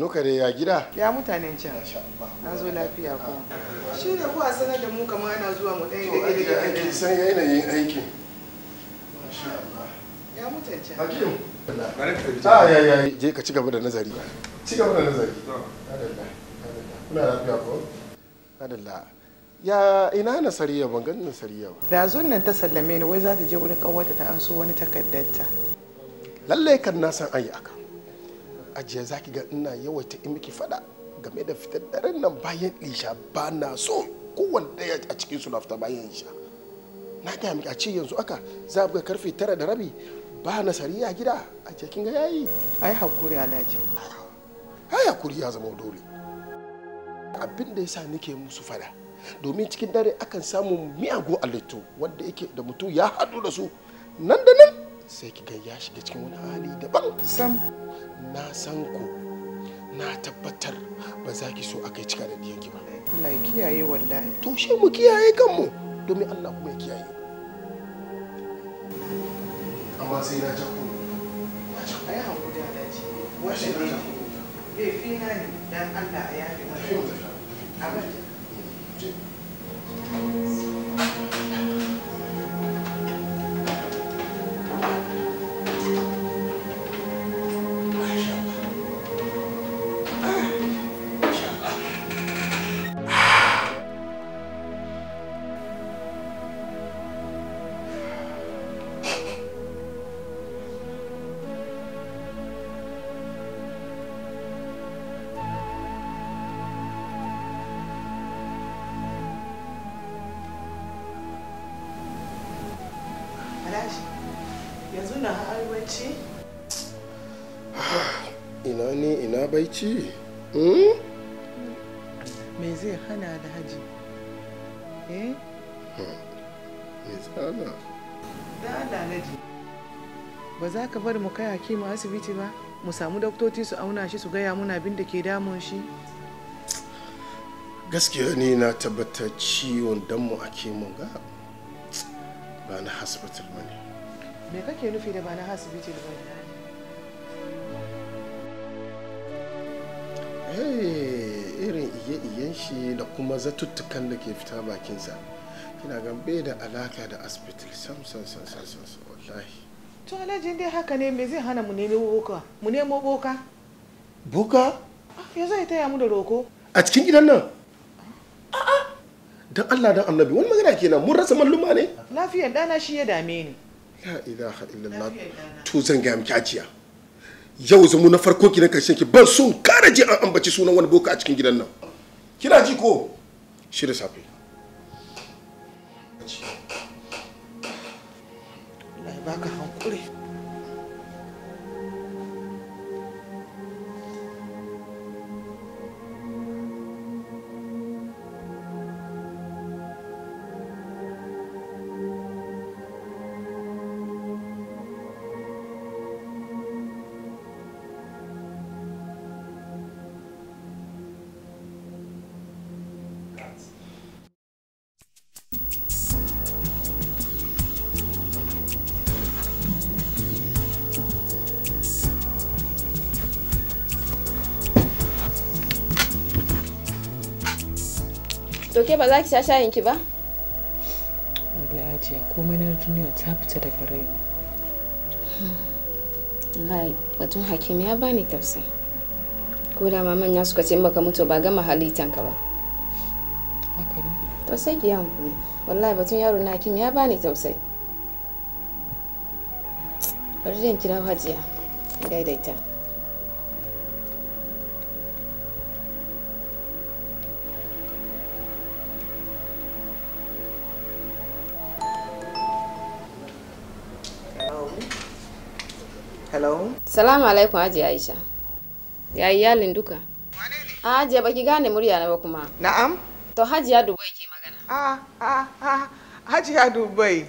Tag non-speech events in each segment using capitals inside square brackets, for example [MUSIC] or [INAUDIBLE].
sannu da ya gida ya mutanen can na zo lafiya ko shi ne kuwa sanar da mu kamar ana zuwa mu ɗaya da ɗaya da ɗaya san yanayin aikin ya mutanen can hakim Ta ya ya je ka ci gaba da nazari ci gaba da nazari kuna lafiya ko adalla ya ina nasariya ban gani nasariya ba da zo nan ta sallame ni wai za ta je wani kawarta ta an so wani takaddarta. lallai kan na san ayi aka ajiya za ki ga ina yawaita in miki fada game da fitar daren nan bayan isha ba na so kowanne ya a cikin su na fita bayan isha na gaya miki a ce yanzu aka za ga karfe tara da rabi ba na sariya gida a cikin ga yayi ai hakuri alhaji ai hakuri ya zama dole abin da yasa nake musu fada domin cikin dare akan samu miyagun halittu wanda yake da mutum ya haɗu da su nan da nan sai ki ga ya shiga cikin wani hali daban sam na san ku na tabbatar ba za ki so a kai cika da diyanki ba Allah ya kiyaye wallahi to shi mu kiyaye kanmu domin Allah kuma ya kiyaye amma sai na ja ku ai hakuri da daji wace na ja ku eh fina ne dan Allah ya yi mata abin kai mu asibiti ba mu samu daktoci su auna shi su gaya muna abin da ke damun shi gaskiya ni na tabbata ciwon mu a mun ga ba na hospital ba ne me kake nufi da ba na asibitin ba ne eh, irin iye-iyen shi da kuma zatuttukan da ke fita bakinsa kina gan bai da alaka da asibitin sam sam sam sam wallahi to alhaji dai haka ne me zai hana mu nemo boka mu nemo boka boka ah, ya zai taya mu da roko a cikin gidan nan a'a dan Allah dan Annabi wani magana kenan mun rasa malluma ne lafiyar dana shi ya dame ni la ilaha illallah to zan ga miki ajiya yau zamu na farko ki na karshen ki ban sun kara ji an ambaci sunan wani boka a cikin gidan nan kina ji ko shi da safe 大哥，我过来。ke ba za ki sha shayin ki ba wallahi ajiya komai na duniya ta fita daga raina rai batun hakim ya bani tausayi ko da ma manya suka ce in baka mutu ba gama halittanka ba haka ne to sai ki hankali wallahi batun yaro na hakim ya bani tausayi bari zan kira hajiya daidaita Salamu alaikum Hajiya Aisha. Ya iyalin duka. Wane ne? A ah, Hajiya baki gane murya na ba kuma. Na'am. To Hajiya Dubai ke magana. A ah, a ah, a Hajiya Dubai.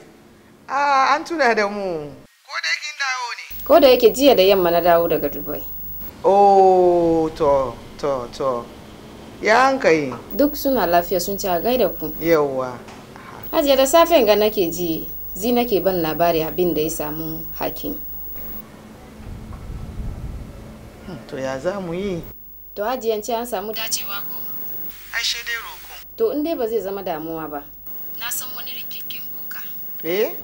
A an tuna da mu. Ko da kin dawo ne? Ko da yake jiya da yamma na dawo daga Dubai. Oh to to to. Ya an kai. Duk suna lafiya sun ci a gaida ku. Yawwa. Hajiya da safen ga nake ji, zi nake ban labari abin da ya samu Hakim. to ya za mu yi to ce an samu dacewa ko ai sai dai roko to in dai ba zai zama damuwa ba na san wani rikikin boka eh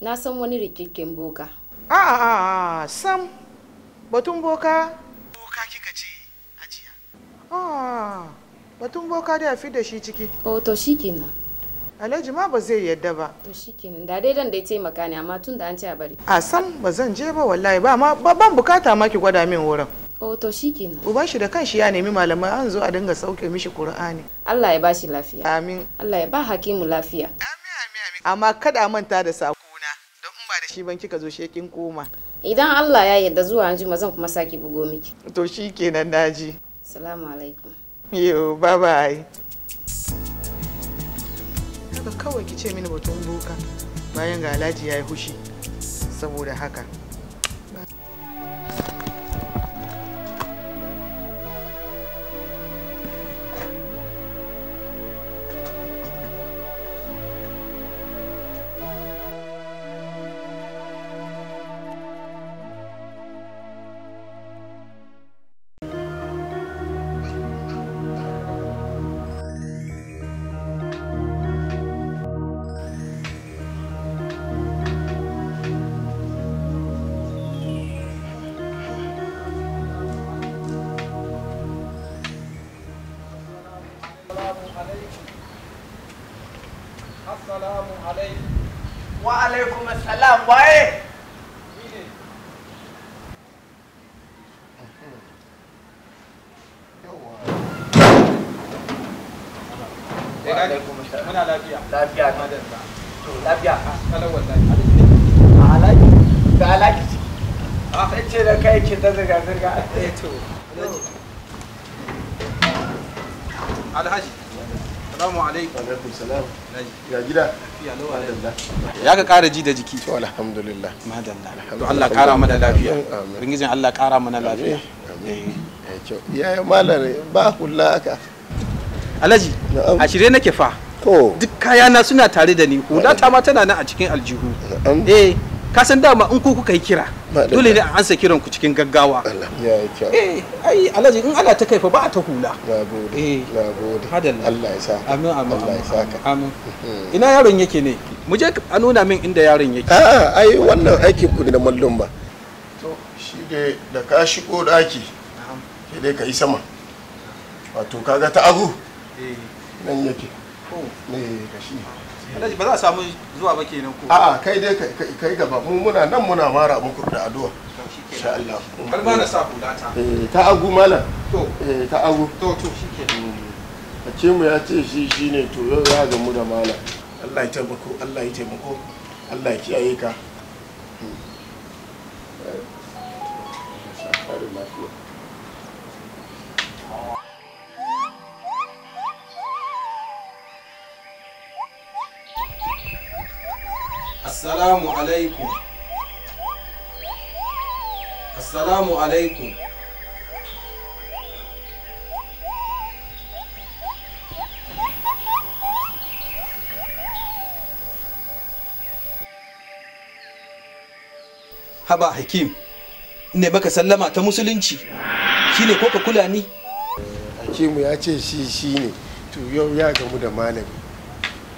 na san wani rikikin boka a a a, sam batun boka boka kika ce ajiya a batun boka da fi da shi ciki o to shikenan Alhaji ma ba zai yadda ba. To shikenan da dai dan dai taimaka ne amma tun da an ce a bari. A san ba zan je ba wallahi ba ma ban bukata ma ki gwada min wurin. Oh to shikenan. Uban shi da kanshi ya nemi malamai an zo a dinga sauke mishi Qur'ani. Allah ya bashi lafiya. Amin. Allah ya ba Hakimu lafiya. Amin amin amin. Amma kada manta da sakuna, don in ba da shi ban kika zo shekin koma. Idan Allah ya yarda zuwa anjima zan kuma saki bugo miki. To shikenan naji. Assalamu alaikum. Yo bye bye. ka kawai ki ce mini batun boka bayan ga alhaji ya yi hushi saboda haka ya gida ya ka kara ji da jiki to alhamdulillah madalla to Allah kara mana lafiya ringijin Allah kara mana lafiya eh. Eh, ya malare ba kula aka alhaji a shirye nake fa duk kayana suna tare da ni hula ta ma tana nan a cikin aljihu eh ka san dama in ku kuka yi kira dole ne an ansa kiran ku cikin gaggawa eh ai alhaji in ana ta kai fa ba ta hula nagode eh. nagode hadalla Allah ya sa amin amin Allah ya saka amin [LAUGHS] ina yaron yake ne mu je a nuna min inda yaron yake a'a ai wannan aikin ku ne na mallum ba to shi da ka shigo daki sai dai ka yi sama wato kaga ta agu eh. nan yake ne oh. eh, shi. ba za a samu zuwa ba kenan ko a'a kai dai kai gaba mu muna nan muna mara muku da addu'a insha Allah har ba na sa hulata eh ta agu to eh ta agu to to shikenan hmm. a ce mu ya ce shi shine to yau za ga mu da malam Allah ya taimako Allah ya taimako Allah ya kiyaye ka Thank hmm. eh, you. assalamu alaikum assalamu alaikum haba hakim ne baka sallama ta musulunci shine ko ka kula ni hakimu ya ce shi ne to yau ya gamu da malami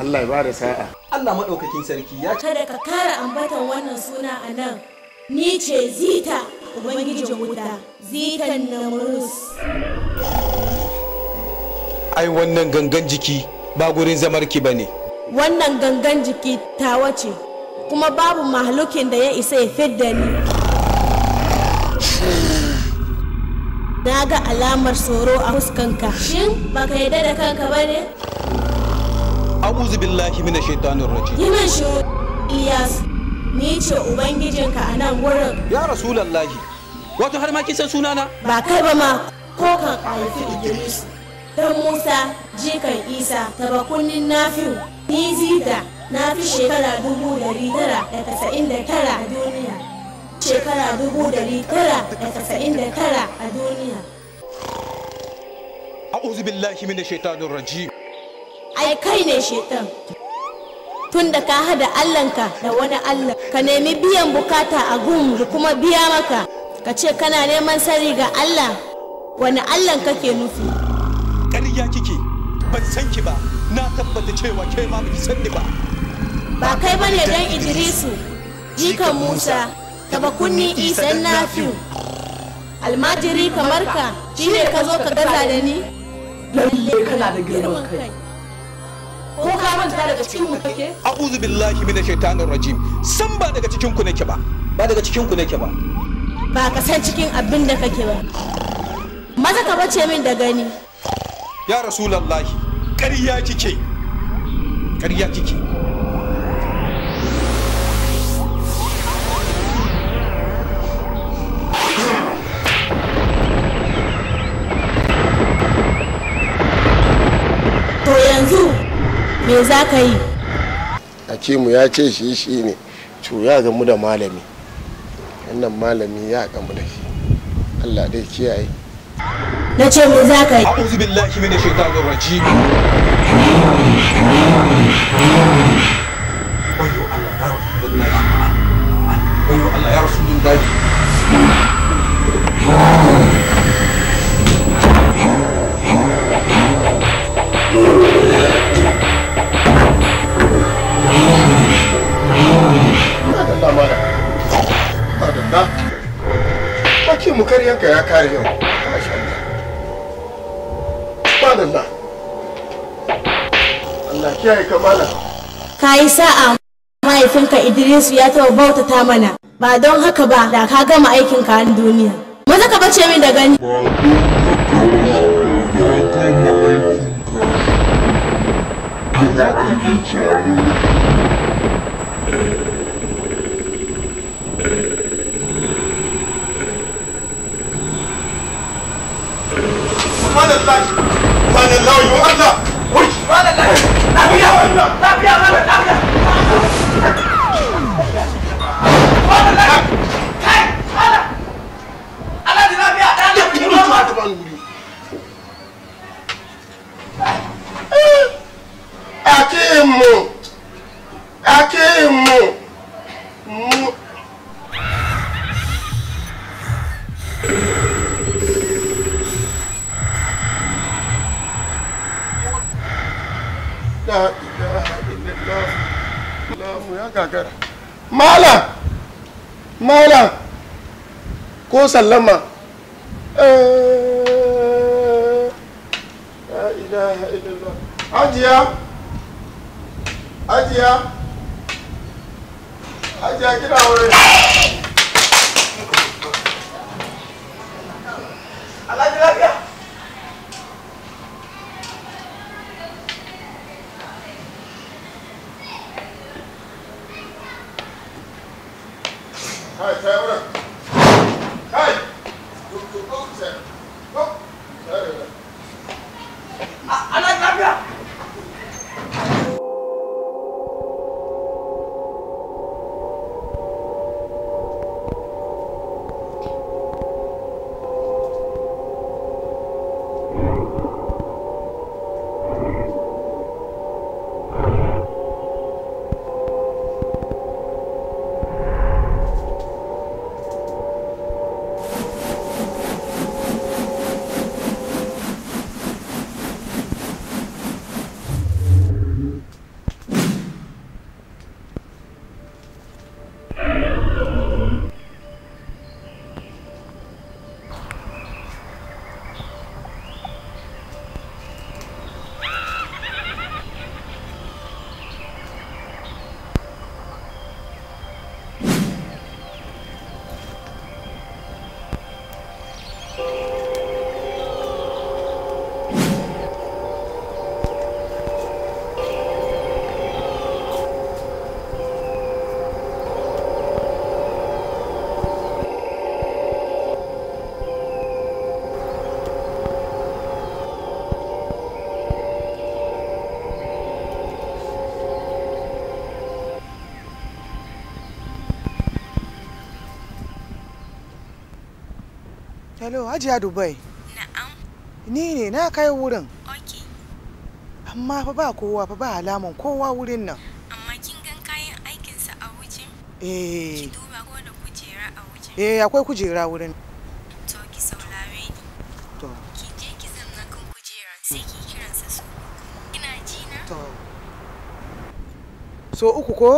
Allah ya ba da sa'a. Allah maɗaukakin sarki ya ce. Kada ka kara ambatan wannan suna a nan. Ni ce Zita, Ubangiji wuta, Zitan Namurus. Ai wannan gangan jiki ba gurin zamar ki ba ne. Wannan gangan jiki tawa ce, kuma babu mahalukin da ya isa ya fidda ni. Na ga alamar tsoro a fuskanka. Shin baka yarda da kanka ba ne? a'udhu billahi minash shaitanir rajim yana shi Iyas ni ce ubangijinka a nan wurin ya rasulullahi wato har ma kisan sunana ba kai ba ma ko kan haifi Idris dan Musa jikan Isa tabakunnin nafiu ni zida na fi shekara dubu dari tara da tasa'in da tara a duniya shekara dubu dari tara da tasa'in da tara a duniya أعوذ billahi من الشيطان الرجيم ai kai ne shetan tun da ka hada allanka da wani allah ka nemi biyan bukata a gun da kuma biya maka ka ce kana neman sari ga allah wani allan kake nufi ƙarya kike ban san ki ba na tabbata cewa kai ma baki san ni ba ba kai ba ne dan idrisu jikan musa taba kunni isan nafi almajiri kamar ka shine ka zo ka gaza da ni lalle kana da girman kai ko ka manta daga cikin mu kake a'udhu billahi minash shaitanir rajim san ba daga cikin ku nake ba ba daga cikin ku nake ba ba ka san cikin abin da kake ba maza ka bace min da gani ya rasulullahi ƙarya kike ƙarya kike to yanzu me za ka yi hakimu ya ce shi shi ne to ya gamu da malami wannan malami ya gamu da shi allah dai kiyaye na ce me za ka yi a'udhu billahi minash shaitanir rajim wayo allah ya rasulullahi Thank you. na bakin mu karyanka ya kare yau subhanallah Allah kiyaye kamala ka yi sa'a mahaifinka Idrisu ya taɓa bautata mana ba don haka ba da ka gama aikin ka duniya maza ka bace min da gani Thank you. subhanallah subhanallah Akimu Akimu Mala, mala. illallah Allahu ya gagara malam malam ko sallama eh, la ilaha illallah ajiya ajiya ajiya kina wurin alhaji Hello, Hajiya Dubai. Na'am. Ni ne na kai wurin. Okay. Amma fa ba kowa fa ba alaman kowa wurin nan. Amma kin gan kayan aikinsa a waje? Eh. Ki duba ko da kujera a waje? Eh, akwai kujera wurin. To ki saurare ni. To. Ki je ki zanna kan kujera sai ki kiransa su. ina ji na? To. So uku ko?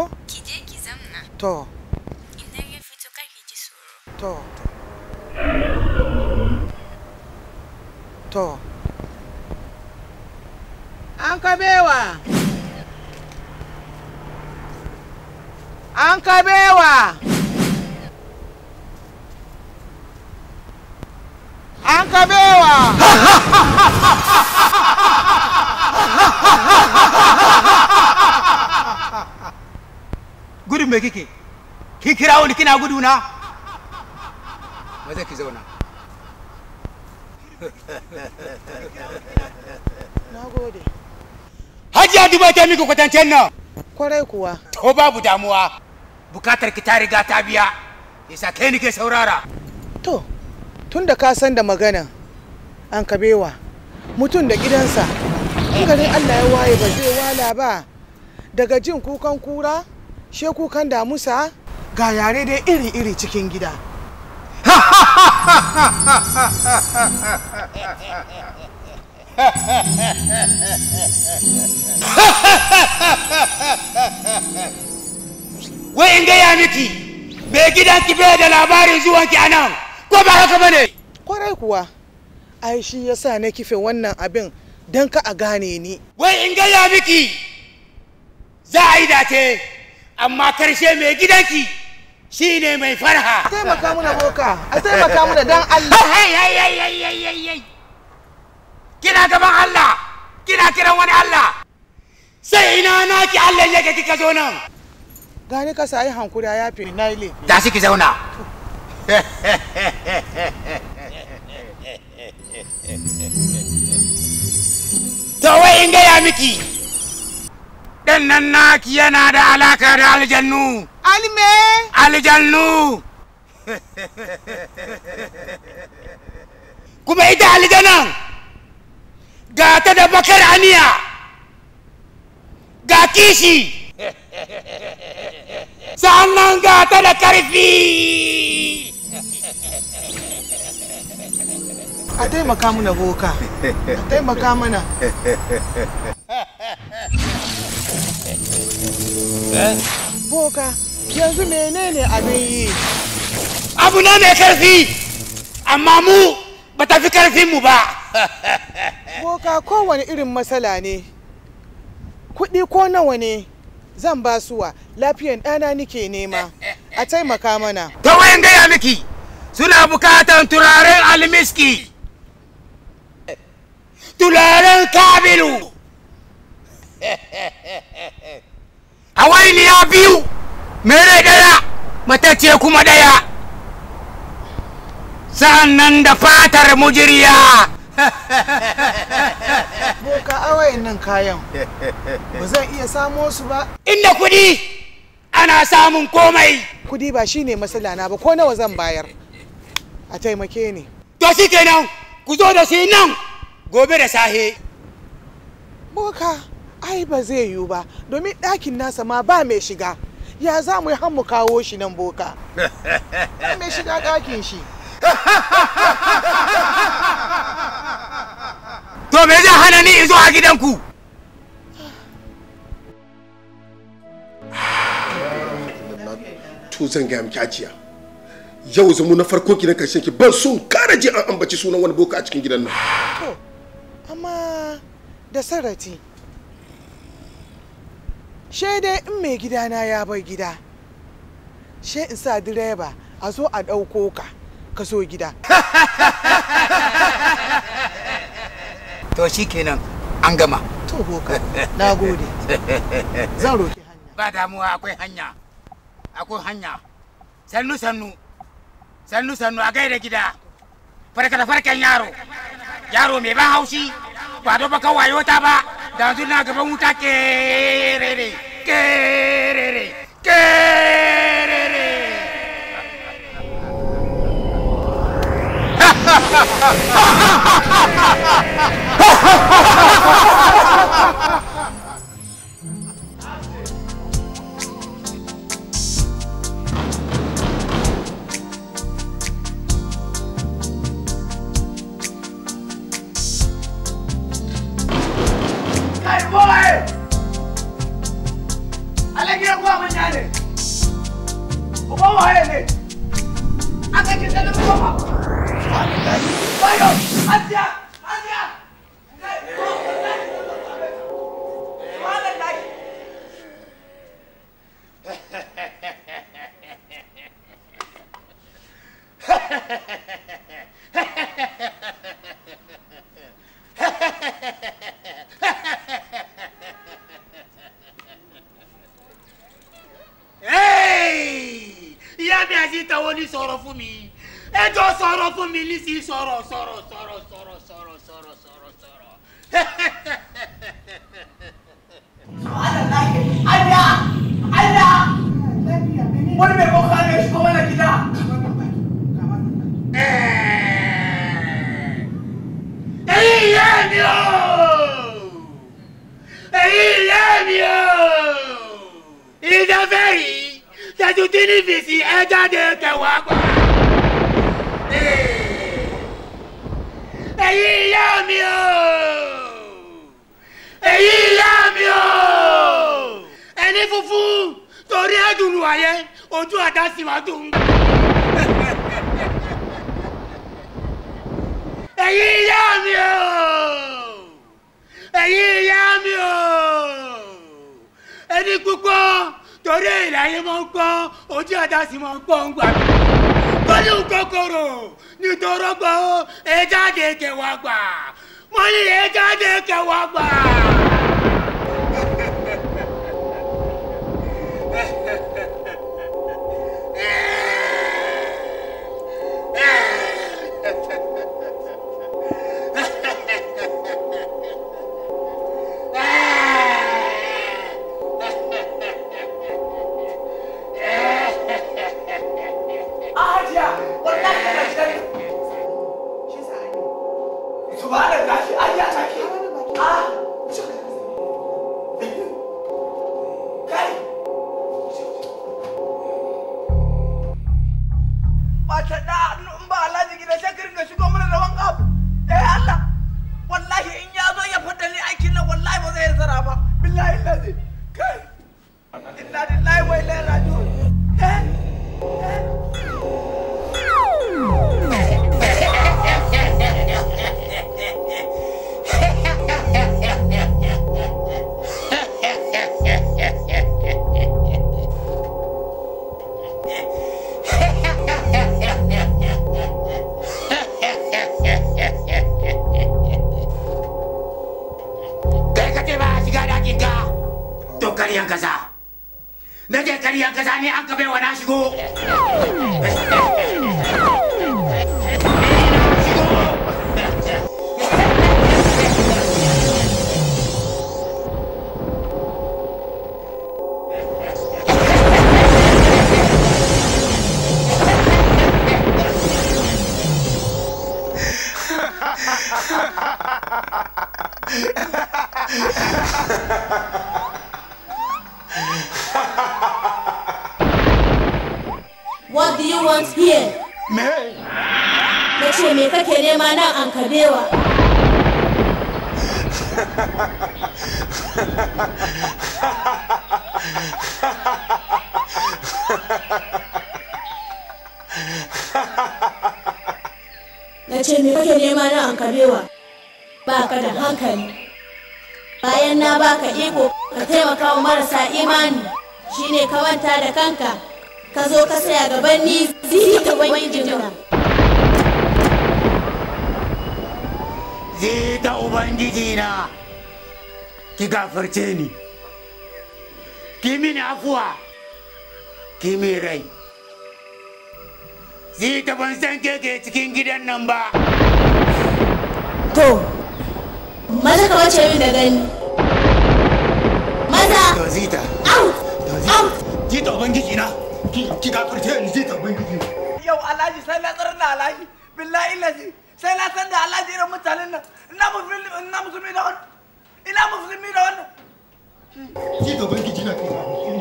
me kike ki kira wani kina gudu na ki zauna [LAUGHS] nagode hajiya duba ta miki kwatancen nan kwarai kuwa to babu damuwa bukatar ki ta riga ta biya isa kai nike saurara to tun da ka san da magana an kabewa mutum da gidansa in garin allah ya waye ba zai wala ba daga jin kukan kura she kukan damusa ga yare dai iri-iri cikin gida wai in gaya miki gidan ki bai da labarin zuwanki a nan ko ba haka bane kwarai kuwa ai shi yasa na kife wannan abin don ka a gane ni wai in gaya miki za a yi date amma karshe mai gidanki shi ne mai farha. A taimaka muna boka, a taimaka muna dan Allah. [LAUGHS] Kina gaban Allah, kina kiran wani Allah. Sai ina naki Allah yake kika zo nan. Gani ka sayi hankuri ya yafe na ile. shi ki zauna. [LAUGHS] To wai in gaya miki. ɗan nan naki yana da alaka da aljannu alme aljannu kuma ita aljanan ga ta da bakar aniya ga kishi sannan ga ta da karfi a taimaka mana boka a taimaka mana boka yanzu menene abin yi abu ne mai karfi amma mu ba tafi karfin mu ba boka kowane irin matsala ne kuɗi ko nawa ne zan ba suwa lafiyan ɗana nike nema a taimaka mana ta wayan gaya miki suna bukatan turaren almiski tularen kabilu hawainiya biyu mere daya matacce kuma daya sa'an nan da fatar mujiriya boka awayin nan kayan ba zan iya samo su ba inda kudi ana samun komai kudi ba shine matsala na ba ko nawa zan bayar a taimake ni to shikenan ku zo da shi nan gobe da sahe boka ai ba zai yiwu ba domin ɗakin nasa ma ba mai shiga ya za mu yi mu kawo shi nan boka ba mai shiga ɗakin shi to me zai hana ni izo a gidanku to zan gaya miki ajiya yau zamu na farko ki na karshen ki ban son kara je an ambaci sunan wani boka a cikin gidan nan amma da sarati she dai in mai gidana ya bar gida she in sa direba a zo a ɗauko ka ka so gida [LAUGHS] to shi kenan an gama to boka na gode zan roki hanya ba damuwa akwai hanya akwai hanya sannu sannu sannu sannu a gaida gida farka da farkan yaro yaro mai ban haushi ba don baka wayo ta ba da yanzu na gaban wuta kerere kerere kerere ha ha ha ha ha ha ha ha ha ha ha ha Bye, boy! Subhanallah, shi an yi atake. Ah! wani zita yi ta zita zai ta ki gafarce ni ki mini afuwa ki min rai zita ban san keke cikin gidan nan ba to maza ka wace min da gani maza to zita Au! out zita ubangijina ki kafirce yanzu je ta ubangiji yau alhaji sai na tsarar da alhaji billahi lazi sai na san da alhaji irin mutanen nan ina musulmi da wannan ina musulmi da wannan ki ta ubangiji na kai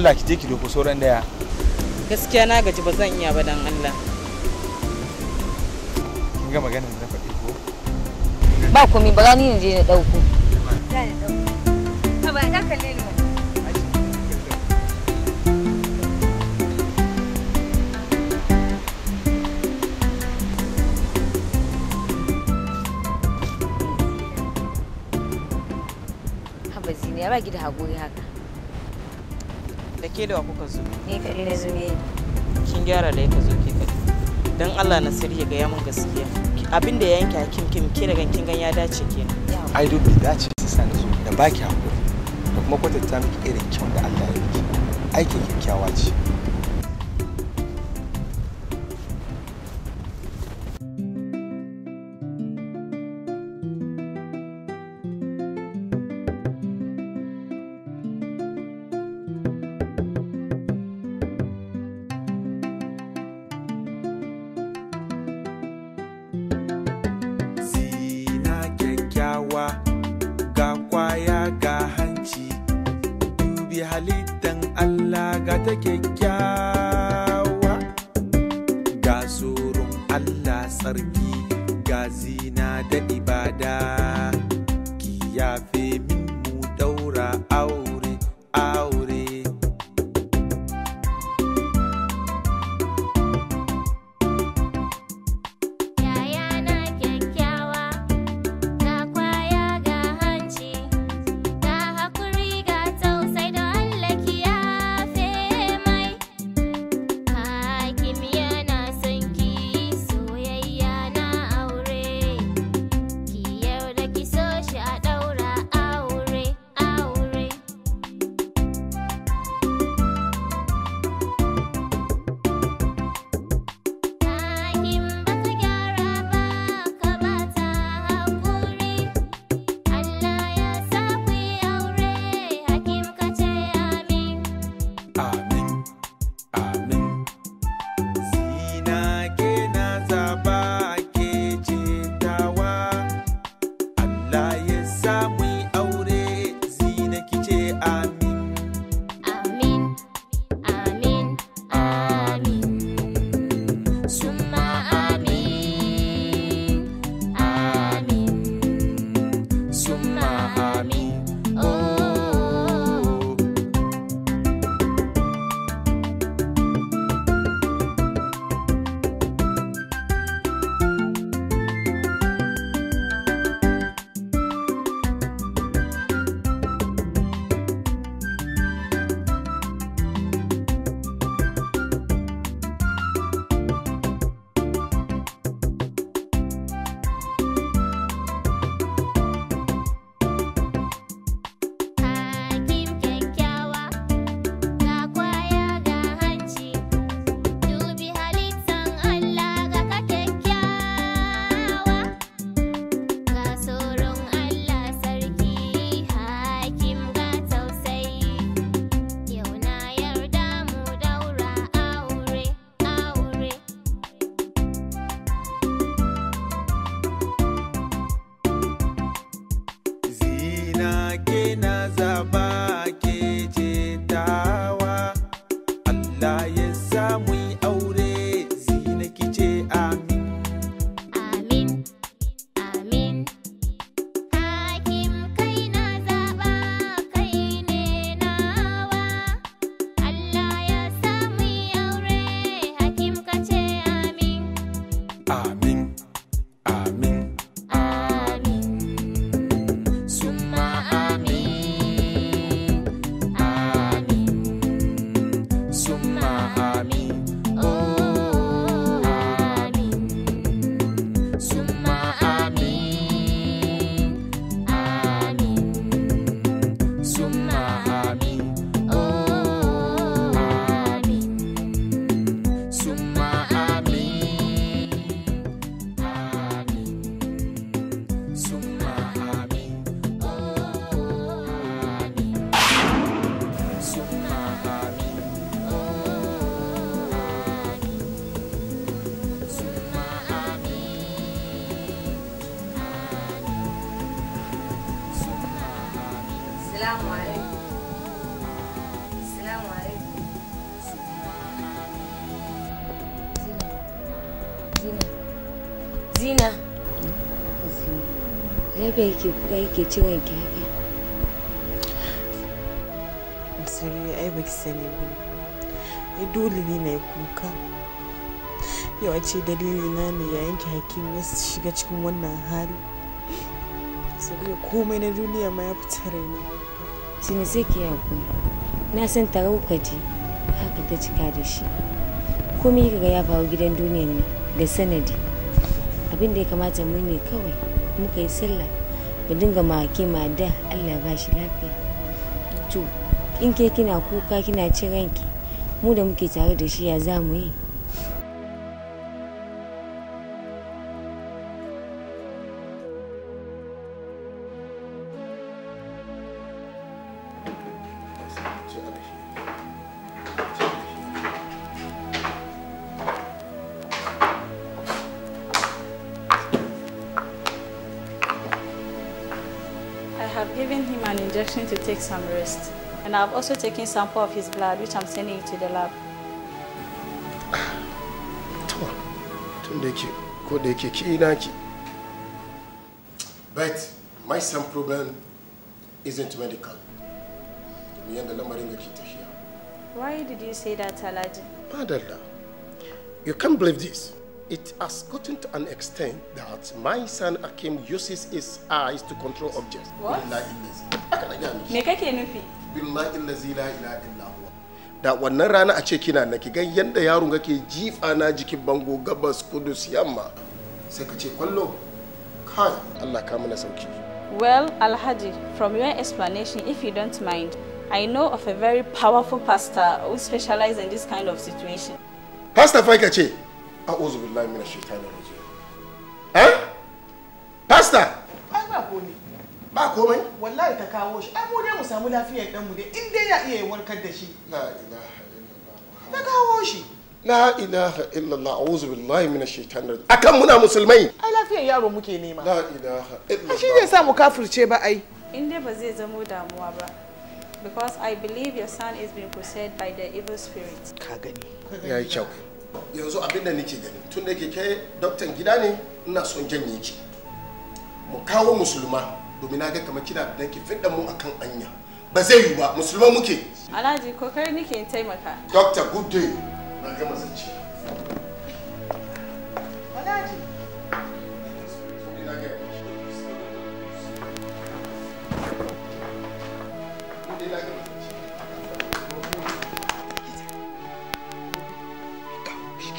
Allah ki je ki doko sauran daya gaskiya na gaji ba zan iya ba dan Allah kin ga magana da na faɗi ko ba ku mi ba ni ne je ne dauko za ba da kalle ni Ya ba gida haƙuri haka ke da wa kuka zo ni kaɗai na zuwa kin gyara da ka zo ke kaɗai don allah na sirri ga yamin gaskiya abin da ya yanke hakim kim ke da gankin gan ya dace ke ai duk bai dace su sa na zo da baki hakuri da kuma kwatanta miki irin kyau da allah ya yi. aikin kyakkyawa ce So. da yake ke yake ciwon ke haka sai ai baki sani ba ai dole ne na kuka yawa ce dalili na ne yayin ki hakim ya shiga cikin wannan hali sai komai na duniya ma ya fita raina shine sai ki hakuri na san tarau ka ji haka ta cika da shi komai kaga ya faru gidan duniya ne da sanadi abin da ya kamata mu ne kawai muka yi sallah mu dinga maki ma da Allah ba shi lafiya to in ke kina kuka kina cin ranki mu da muke tare da shi ya za mu yi some rest. And I've also taken sample of his blood, which I'm sending to the lab. But my son problem isn't medical. Why did you say that, Aladdin? Madalla, you can't believe this. It has gotten to an extent that my son Akim uses his eyes to control objects. What? haka na me kake nufi billahi allazi la ilaha illa huwa da wannan rana a ce kina na ki ga yanda yaron kake jifa na jikin bango gabas kudus yamma sai ka ce kwallo kai Allah ka mana sauki well alhaji from your explanation if you don't mind i know of a very powerful pastor who specializes in this kind of situation pastor fa ce a'udhu billahi minash shaitanir rajim eh pastor pastor ko ne ba komai wallahi ta kawo shi ai mu dai mu samu lafiyar dan mu dai in dai ya iya warkar da shi la ilaha illallah ta kawo shi la ilaha illallah a'udhu billahi minash shaitanir rajim akan muna musulmai ai lafiyar yaro muke nema la ilaha illallah shi zai sa mu kafirce ba ai in dai ba zai zamo damuwa ba because i believe your son is being possessed by the evil spirit ka gani yayi kyau yanzu da nake gani tun da ke kai doktan gida ne ina son janye ki mu kawo musulma domin na ga kamar kina da ki fidda mu akan anya ba zai yiwu ba musulman muke alhaji kokari nake in taimaka doctor good day na gama zance alhaji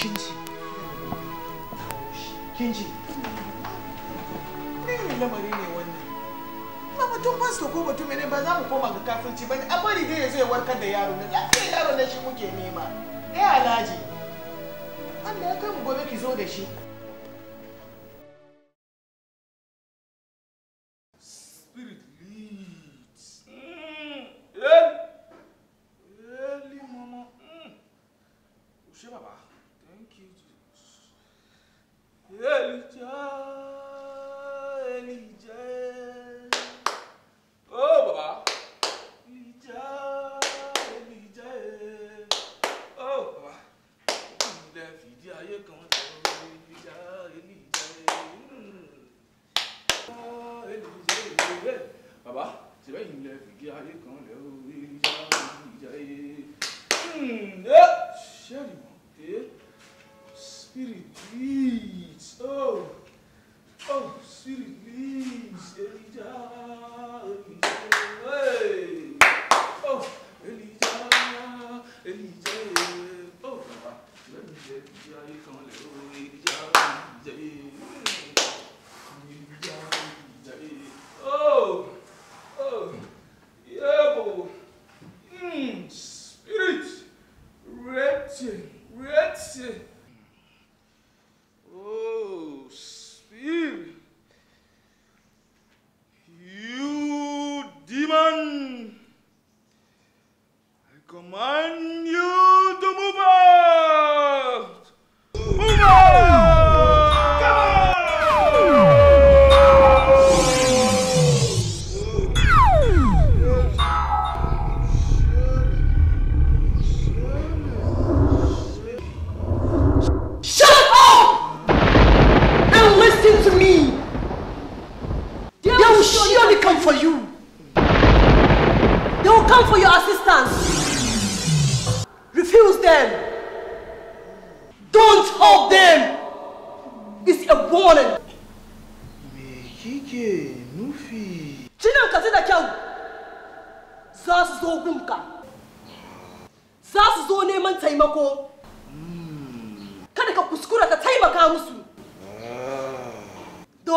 Kinji, kinji, Ne lamari ne wani? batun fasto ko mutum ne ba za mu koma ga kafirci ba a bari dai ya zai warkar da yaro ne lafiyar yaro ne shi muke nema eh alhaji Allah ya kai mu gobe ki zo da shi spirit leads hmm.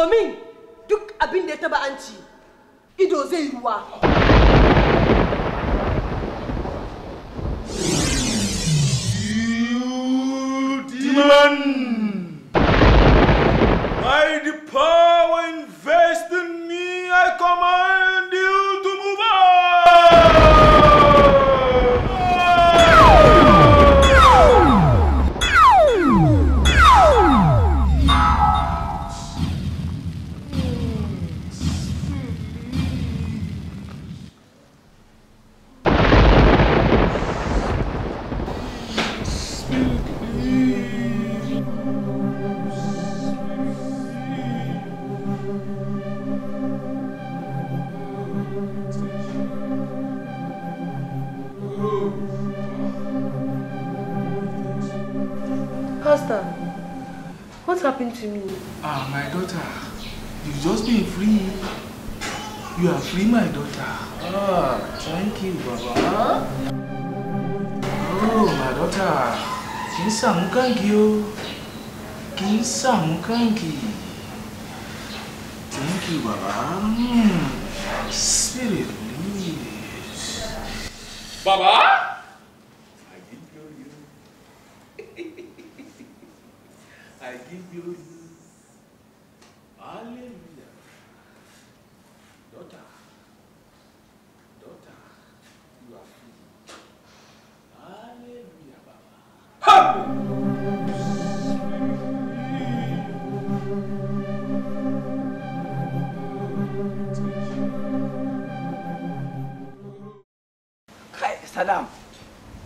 domin duk abin da ya taba an ci ido zai ruwa Demon! By the power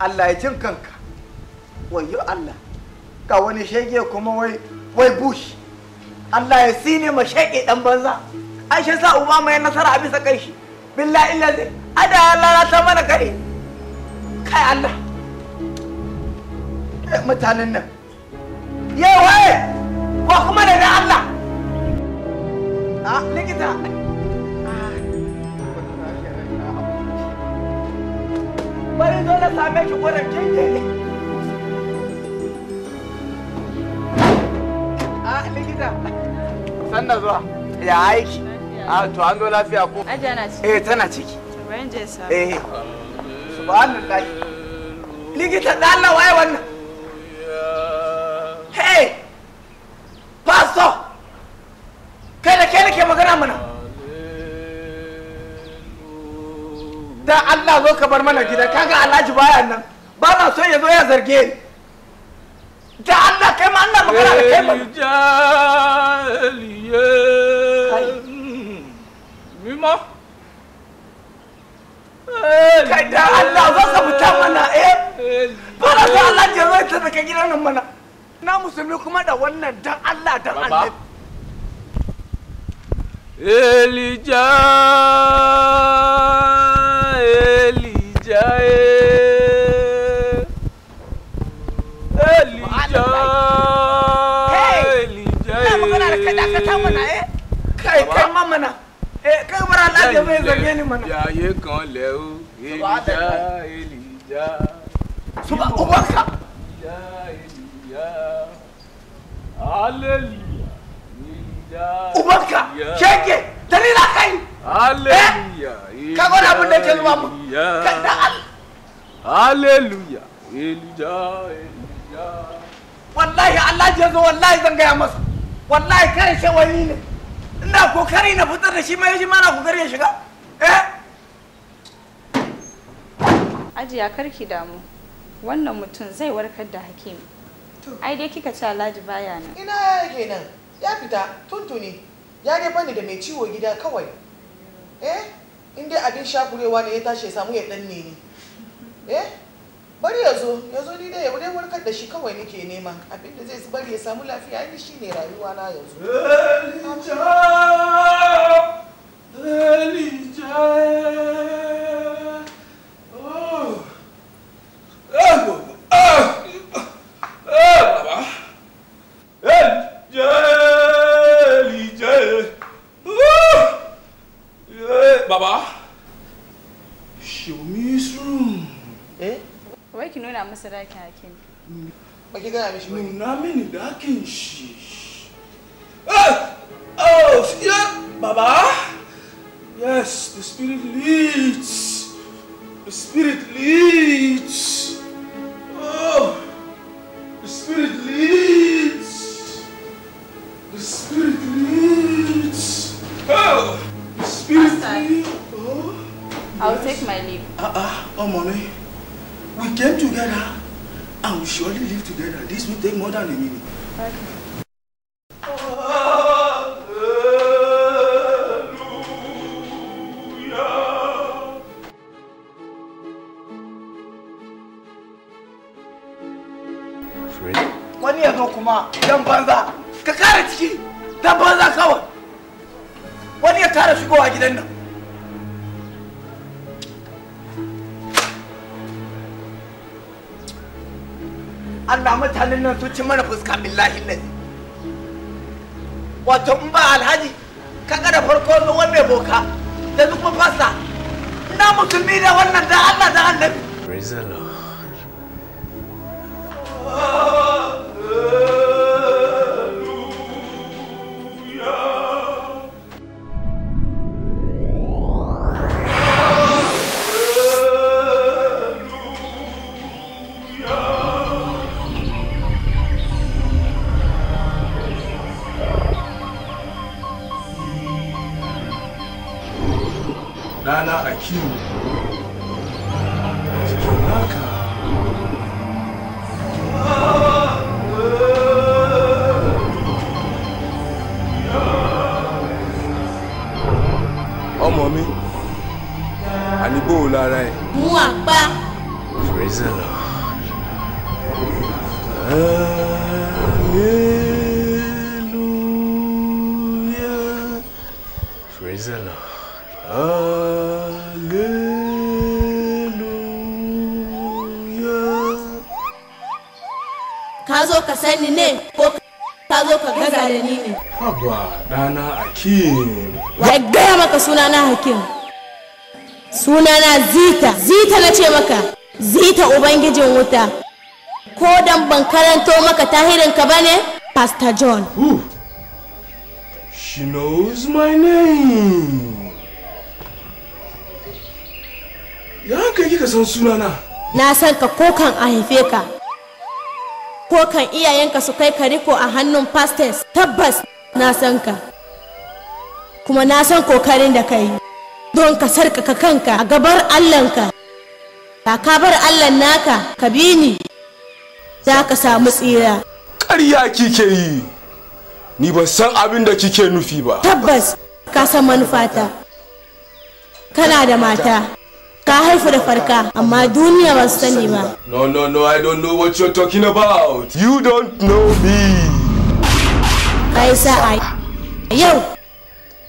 Allah ya jin kanka wayo Allah ga wani shege kuma wai wai bush Allah ya sine ma shege dan banza ai shi sa uba mai nasara a bisa kai shi billahi illazi ada Allah ta mana kai kai Allah eh, mutanen nan yawa ko kuma da Allah ah likita bari zo na same shi gwara jinje a likita sanda zuwa ya aiki a to an zo lafiya ko ajiya na ciki eh tana ciki bayan je sa eh subhanallah likita dan Allah waye wannan Allah zo ka bar mana gida kaga Alhaji baya nan ba na so ya zo ya zarge ni da Allah kai ma Allah magana da kai ma kai da Allah zo ka fita mana eh ba na so Allah ya zo ya tsaka gidan nan mana na musulmi kuma da wannan dan Allah dan Allah Elijah kai kai ma mana eh kai bara Allah bai zage ni mana yaye kan le elija elija suba ubanka ya elija hallelujah elija ubanka shege dalila kai hallelujah eh, ka gwada abin da ke zuwa mu hallelujah elija elija wallahi Allah ya zo wallahi zan gaya masa wallahi kai shawani ne ina kokari na fitar da shi mai shi ma kokari ya shiga eh ajiya karki damu wannan mutum zai warkar da hakim ai dai kika ci alhaji baya nan ina yake nan ya fita tuntuni ya dai bani da mai ciwo gida kawai eh in dai abin shakurewa ne ya tashi ya samu ya danne ni eh bari ya zo ya zo ni dai ya dai warkar da shi kawai nake nema abinda zai bari ya samu lafiya ni shi ne rayuwa na yanzu oh. ah. Ah. Ah. bari ki nuna masa dakin hakin ba ki gaya mishi nuna mini dakin shi eh! oh yeah baba yes the spirit leads the spirit leads oh the spirit leads the spirit leads oh the spirit leads oh I'll take my leave. Uh-uh, oh mommy. We came together and we surely live together. This will take more than a minute. Okay. Wani ya zo kuma dan banza, ka kara ciki, dan banza kawai. Wani ya kara shigowa gidan nan. Allah mutanen nan tuci mana fuska billahi lazi wato in ba alhaji ka da farko ruwan mai boka da duk fasa ina mutumi da wannan da Allah da annabi praise the lord oh. huge. maka suna na hakim suna zita zita na ce maka zita ubangijin wuta ko dan ban karanto maka tahirin ka bane pastor john she knows my name ya kai ka san suna na san ka ko kan a haife ka ko kan iyayenka su kai ka riko a hannun pastors tabbas na san ka kuma na san kokarin da ka yi don ka sarkaka kanka a gabar allanka da ka bar allan naka ka bi ni za ka samu tsira ƙarya kike yi ni ban san abin da kike nufi ba tabbas ka san manufata kana da mata ka haifu da farka amma duniya ba su sani ba no no no i don't know what you're talking about you don't know me kai sa'a yau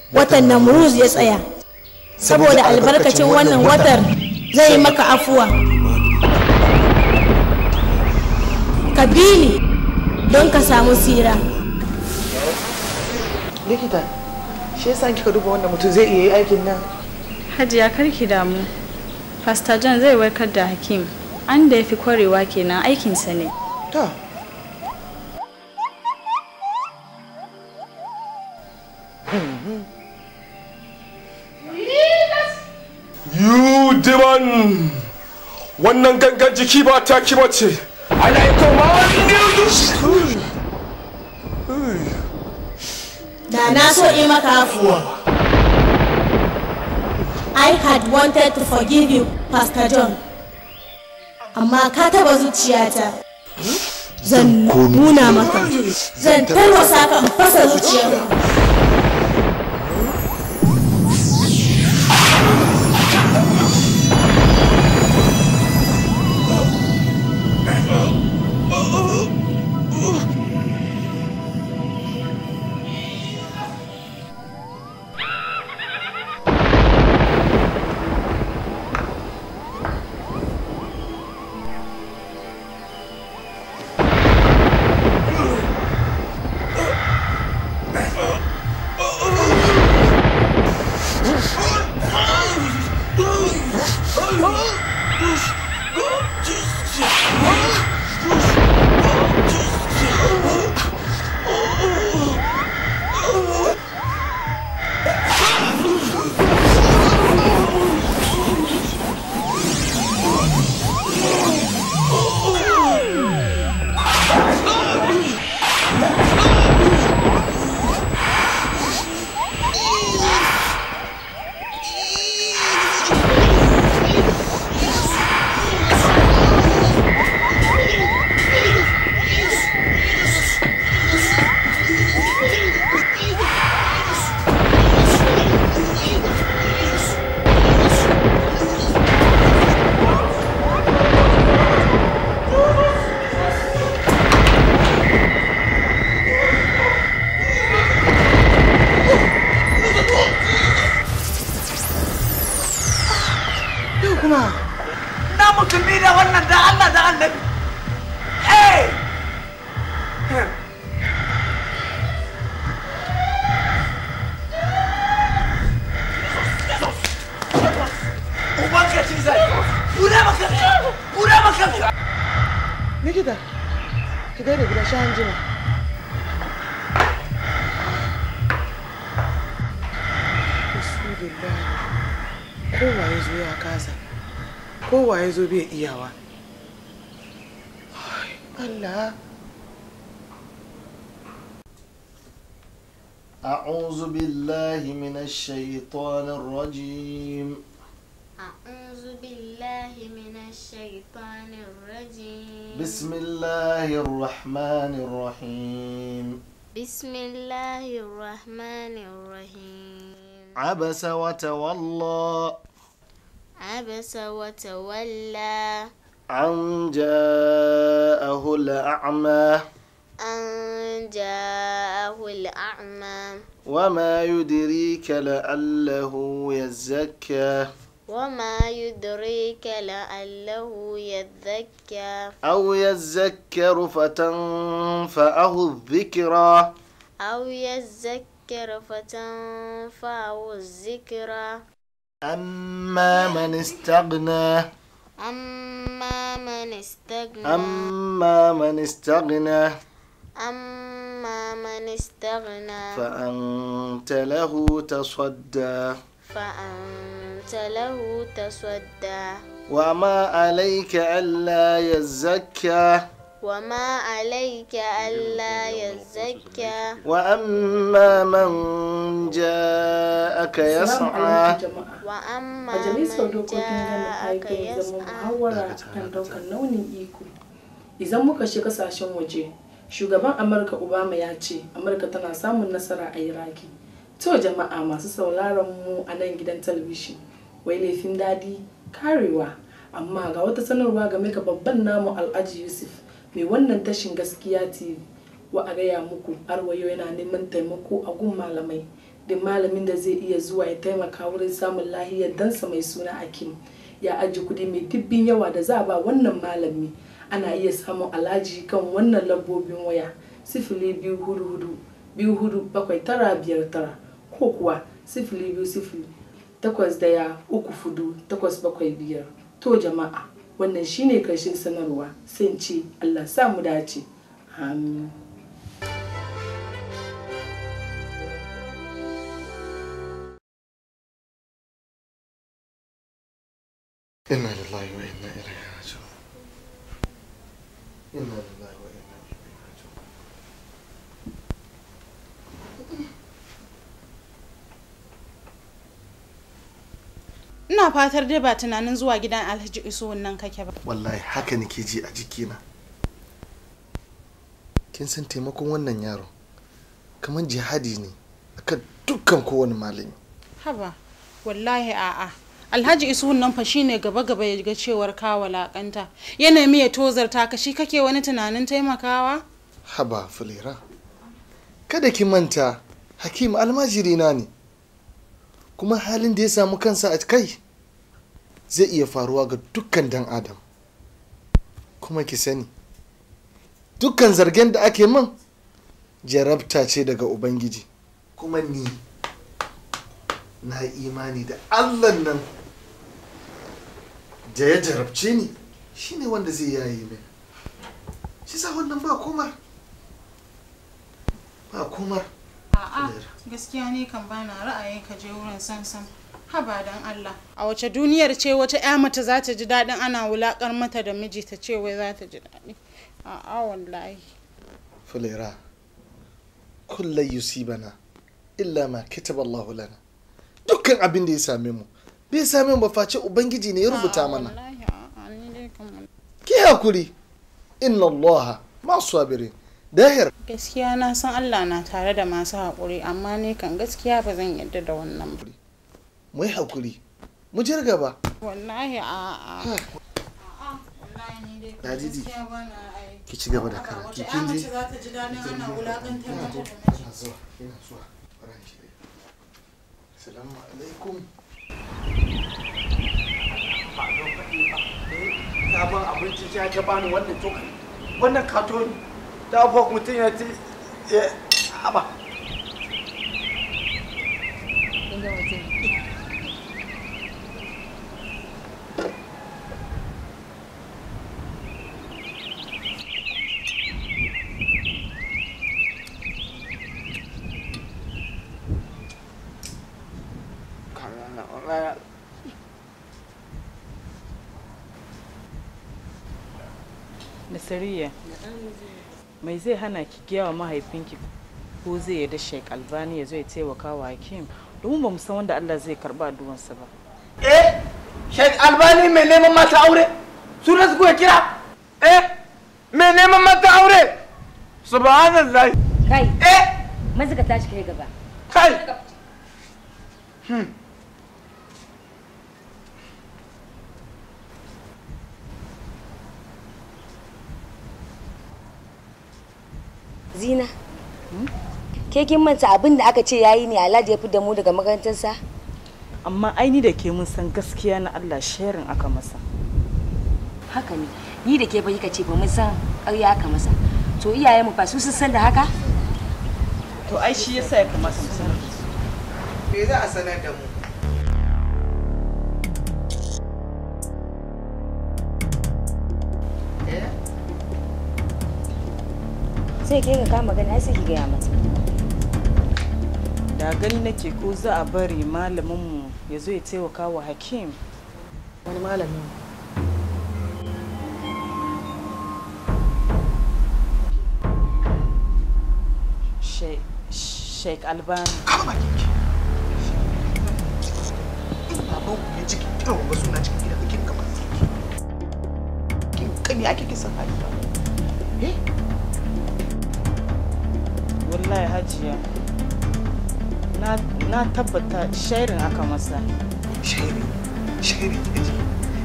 watan namruz ya tsaya saboda albarkacin wannan watar zai maka afuwa kabili don ka samu sira likita shi yasa kika duba wanda mutum zai iya yi aikin nan hajiya karki damu pastor john zai warkar da hakim an da ya fi kwarewa kenan aikinsa ne to wannan wannan gangan jiki ba ta ki bace ana yi koma da na so in maka afuwa i had wanted to forgive you pastor john amma ka taba zuciyata zan nuna maka zan tarwasa ka fasa zuciyarka zuwa bai iyawa Allah أعوذ بالله من الشيطان الرجيم أعوذ بالله من الشيطان الرجيم بسم الله الرحمن الرحيم بسم الله الرحمن الرحيم عبس وتولى عبس وتولى أن جاءه الأعمى أن جاءه الأعمى وما يدريك لعله يزكى وما يدريك لعله يذكى أو يذكر فتنفعه الذكرى أو يذكر فتنفعه الذكرى أما من استغنى أما من استغنى أما من استغنى أما من استغنى فأنت له تصدى فأنت له تصدى وما عليك ألا يزكى وما عليك ألا يزكى وأما من جاءك يسعى majalisar dokokin gana aikin zaman zama muhawara kan daukar launin iko idan muka shi kasashen waje shugaban amurka obama ya ce amurka tana samun nasara a iraki to jama'a masu sauraron mu a nan gidan talabishin wai laifin dadi karewa amma ga wata sanarwa game ka babban namu al'aji yusuf mai wannan tashin gaskiya tv wa a gaya muku arwayo yana neman taimako a gun malamai da malamin da zai iya zuwa ya taimaka wurin samun lahiyar dansa mai suna akim ya aji kudi mai dubbin yawa da za a ba wannan malami ana iya samun alaji kan wannan lambobin waya sifili biyu hudu hudu biyu hudu bakwai tara biyar tara ko kuwa sifili biyu sifili takwas daya uku fudu takwas bakwai biyar to jama'a wannan shine karshen sanarwa sai ce allah samu dace amin inna lillahi wa inna ilaihi raji'un inna lillahi wa inna ina fatar dai ba tunanin zuwa gidan alhaji iso wannan kake ba wallahi haka nake ji a jikina kin san taimakon wannan yaro kamar jihadi ne akan dukkan kowane malami haba wallahi a'a alhaji isu nan fa shine gaba gaba ya ga cewar ka walakanta ya nemi ya tozarta ka shi kake wani tunanin taimakawa haba fulera kada ki manta hakim almajiri na ne kuma halin da ya samu kansa a kai zai iya faruwa ga dukkan dan adam kuma ki sani dukkan zargen da ake min jarabta ce daga ubangiji kuma ni na imani da allah nan da ya jarabce ni shine wanda zai yayi min shi sa wannan ba komar ba komar a'a gaskiya ne kan bana ra'ayin ka je wurin sansan haba dan Allah a wace duniyar ce wata ya mata za ta ji daɗin ana wulakar mata da miji ta ce wai za ta ji daɗi a'a wallahi fulera kullai yusibana illa ma kitaba Allah lana dukkan abin da ya same mu bai sami ba face ubangiji ne ya rubuta ah, mana ah, ah, ki hakuri inna Allah masu sabiri dahir gaskiya na san Allah na tare da masu hakuri amma ne kan gaskiya ba zan yadda da wannan ba mu yi hakuri mu jirga ba wallahi a a ki ci gaba da Kin ta ji daɗin da alaikum. sabon abincin ya bani wannan cokan wannan katoni ta fok mutum ya ci ya haba Shari'a. Mai zai hana ki gyawa mahaifinki ko zai yarda Sheikh Albani ya zo ya taimaka wa Hakim domin ba mu san wanda Allah zai karba addu'arsa ba. Eh, Sheikh Albani mai neman mata aure? Sunan su ya kira? Eh, mai neman mata aure? Subhanallah. Kai. Eh, maza ka tashi kai gaba. Kai. Hmm. Zina. Ke kin manta abin da aka ce yayi ne Alhaji ya fi da mu daga makarantarsa? Amma aini da ke mun san gaskiya na Allah sharin aka masa. Haka ne, ni da ke ba kika ce ba mun san ƙarya aka masa. To iyayen mu ba su sun san da haka? To ai shi yasa ya kamata mu sanar. Me za a sanar da mu? sai ke ka kama gani sai ki gaya mata da gani nake ko za a bari malamin mu ya zo ya taimaka wa hakim wani malamin Sheikh Alban. Kama kike. ku ciki wa suna cikin gida da Kin kani ake hali ba. Eh? wallahi hajiya na tabbata shairin aka masa shairi shairi kiji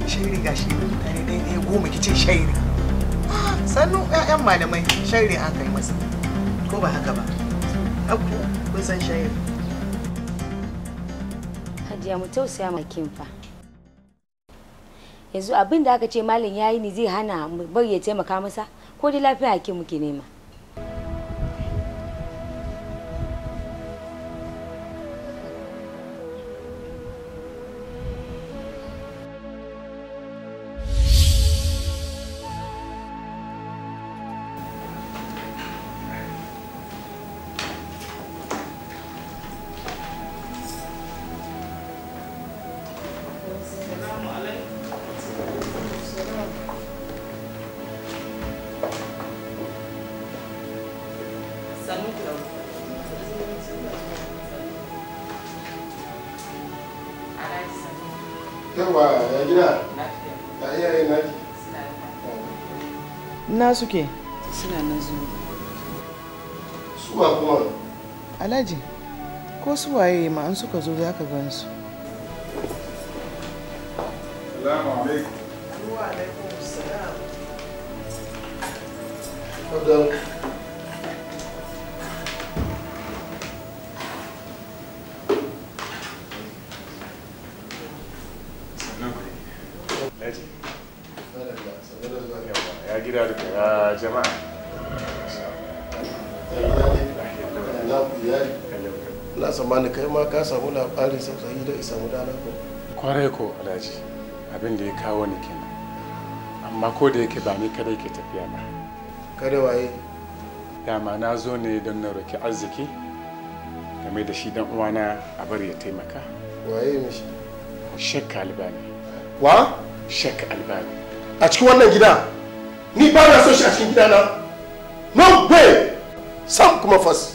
shairi ga shi mutane daidai goma kice shairi sannu ƴaƴan malamai shairi aka yi masa ko ba haka ba abu kun san shairi hajiya mu tausaya ma kin fa yanzu abin da aka ce malam yayi ni zai hana mu bari ya taimaka masa ko dai lafiya hakimu ke nema yawa gida na suke suna nan zuwa suwa kuma alhaji ko suwaye ma an suka zo za ka gan su salamu alaikum alaikum tsammani kai ma ka samu labarin sausayi da isa mu dana ko kware ko alhaji abin da ya kawo ni kenan amma ko da yake ba ni kada ke tafiya ba kada waye dama na zo ne don na roki arziki game da shi dan uwana a bari ya taimaka waye mishi shek albani wa shek albani a cikin wannan gida ni ba na so shi a cikin gidana no way sam kuma fas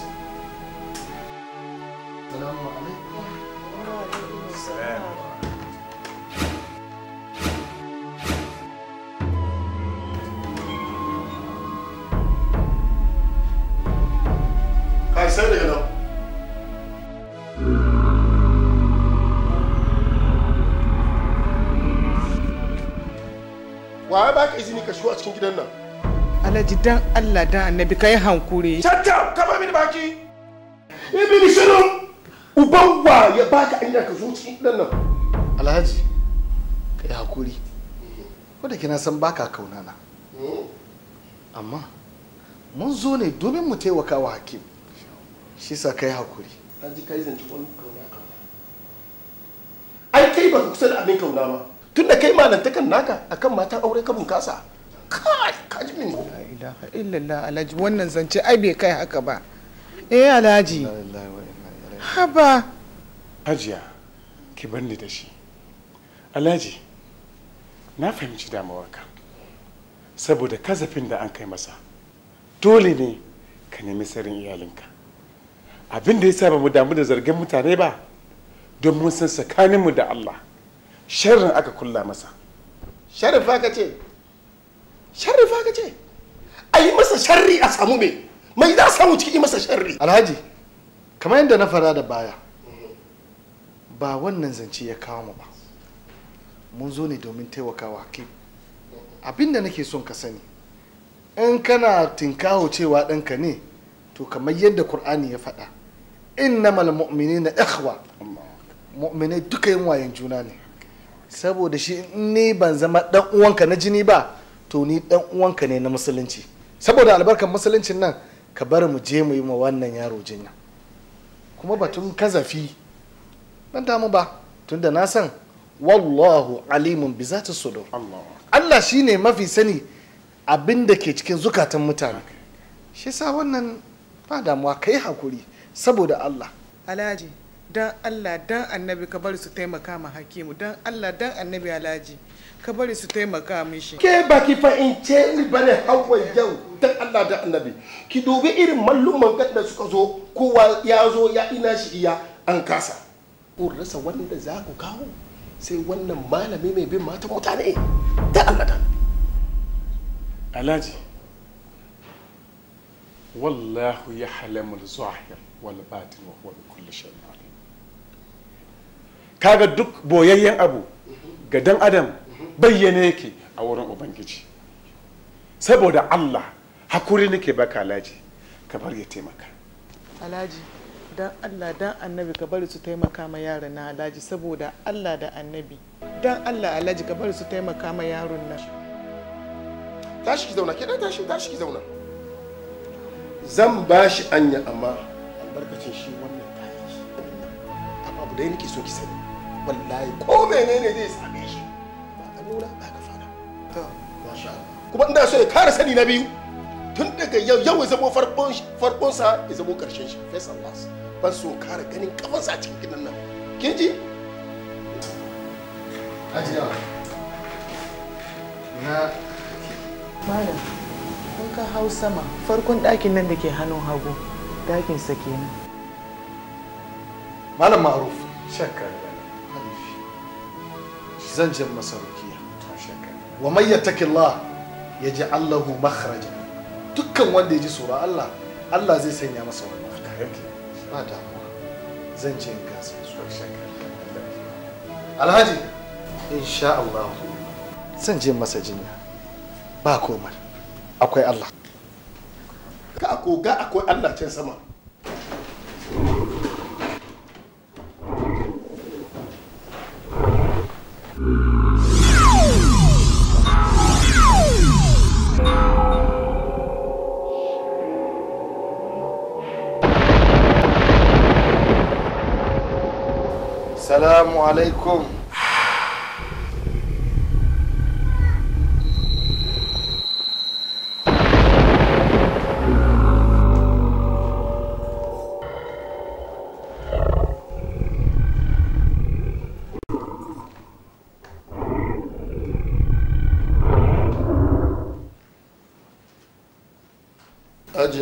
dan Allah dan annabi ka yi hankuri. Shatta ka ba mini baki. Ibini shirin uban wa ya baka inda ka zuci ɗan nan. Alhaji ka yi Ko da kina san baka kauna na Amma mun zo ne domin mu taimaka wa hakim. Shi sa ka yi hakuri. Haji ka yi zance wani kauna kauna. Ai kai ba ku kusa abin kauna ba. Tunda kai malantakan naka akan matan aure ka bunkasa. Kai, kaji mini. ilaha illallah alhaji wannan zance ai bai kai haka ba eh alhaji haba hajiya ki banni da shi alhaji na fahimci damuwarka saboda kazafin da an kai masa dole ne ka nemi sirrin iyalinka abin da ya sa ba mu damu da zargin mutane ba don mun san tsakaninmu da Allah sharrin aka kulla masa fa ka ce fa ka ce a yi masa sharri a samu me mai za samu ciki masa sharri alhaji kamar yadda na fara da baya ba wannan zance ya kawo mu ba mun zo ne domin taimakawa ke, abinda nake son ka sani in kana tinkaho cewa ɗanka ne to kamar yadda kur'ani ya faɗa mu'mini na ikhwa mu'minai duka yin wayan juna ne saboda shi in ni ban zama dan uwanka na jini ba to ni dan uwanka ne na musulunci saboda albarkar musuluncin nan ka bar mu je mu yi ma wannan yaro jinya kuma batun kazafi ban damu ba tunda na san wallahu alimun bi zata sudur Allah shine mafi sani abin da ke cikin zukatan mutane shi sa wannan ba damuwa kai hakuri saboda Allah alhaji dan Allah dan annabi ka bar su taimaka ma hakimu dan Allah dan annabi alhaji ka bari su taimaka mishi ke baki ce ni bane hawan yau dan Allah da annabi ki dubi irin malluman da suka zo kowa ya zo ya ina shi iya an kasa kun rasa wanda za ku kawo sai wannan malami mai bin mata mutane da Allah da Alhaji wallahu ya halamul zahir wal batin wa huwa bi kulli shay'in kaga duk boyayyen abu ga dan adam bayyane yake a wurin ubangiji saboda allah hakuri nake baka alhaji ka bar ya taimaka alhaji dan allah dan annabi ka bari su taimaka ma yaron na alhaji saboda allah da annabi dan allah alhaji ka bari su taimaka ma yaron nan tashi ki zauna ke dan tashi tashi ki zauna zan ba shi anya amma albarkacin shi wannan tayi abu da nake so ki sani wallahi ko menene zai sami saura ba ka fada to masha Allah kuma ina so ya kare sani na biyu tun daga yau yau ya zamo farkon farkon sa ya zamo karshen shi faisal las ban so kara ganin kafan sa a cikin gidan nan kin ji ajiya na malam in ka hau sama farkon ɗakin nan da ke hannun hagu ɗakin sa kenan malam ma'ruf shakka zan je masarauta wa may ya ji allahu makhraja dukkan wanda ya ji tsoron Allah Allah zai sanya masa wani haka ba damuwa zan ce in gasa Alhaji insha Allah zan je masa jinya ba komai akwai Allah ka ko ga akwai Allah can sama السلام عليكم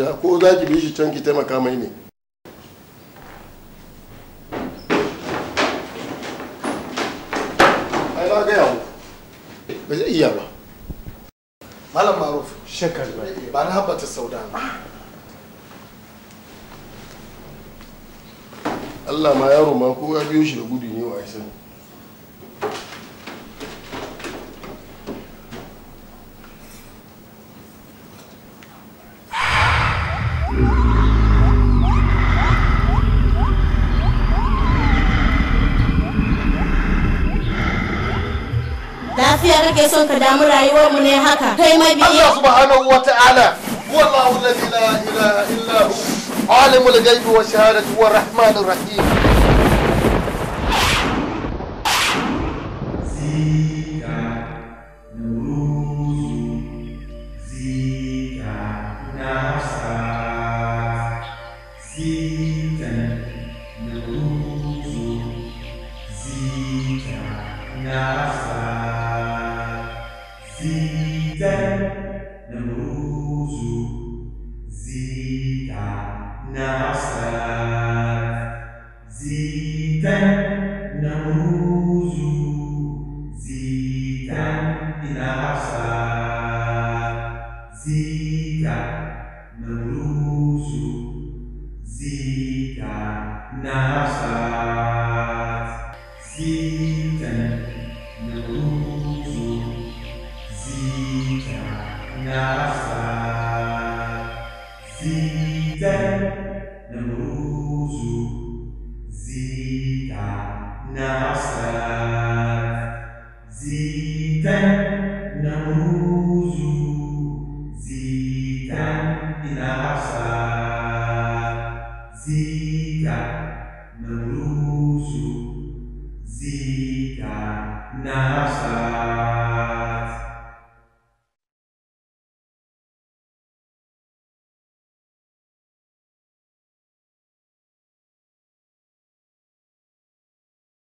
A ko za ki bi shi can ki taimaka mai ne. iya ba malam maruf shekar ba eh, ba na haɓata sauda Allah ma yaro ma kowa biyo shi da gudu ne wa aisani. lafiya kake son ka damu rayuwar mu ne haka kai mabiyi Allah subhanahu wata'ala wallahu la ilaha illa hu alimul ghaibi wa shahadati wa rahmanir rahim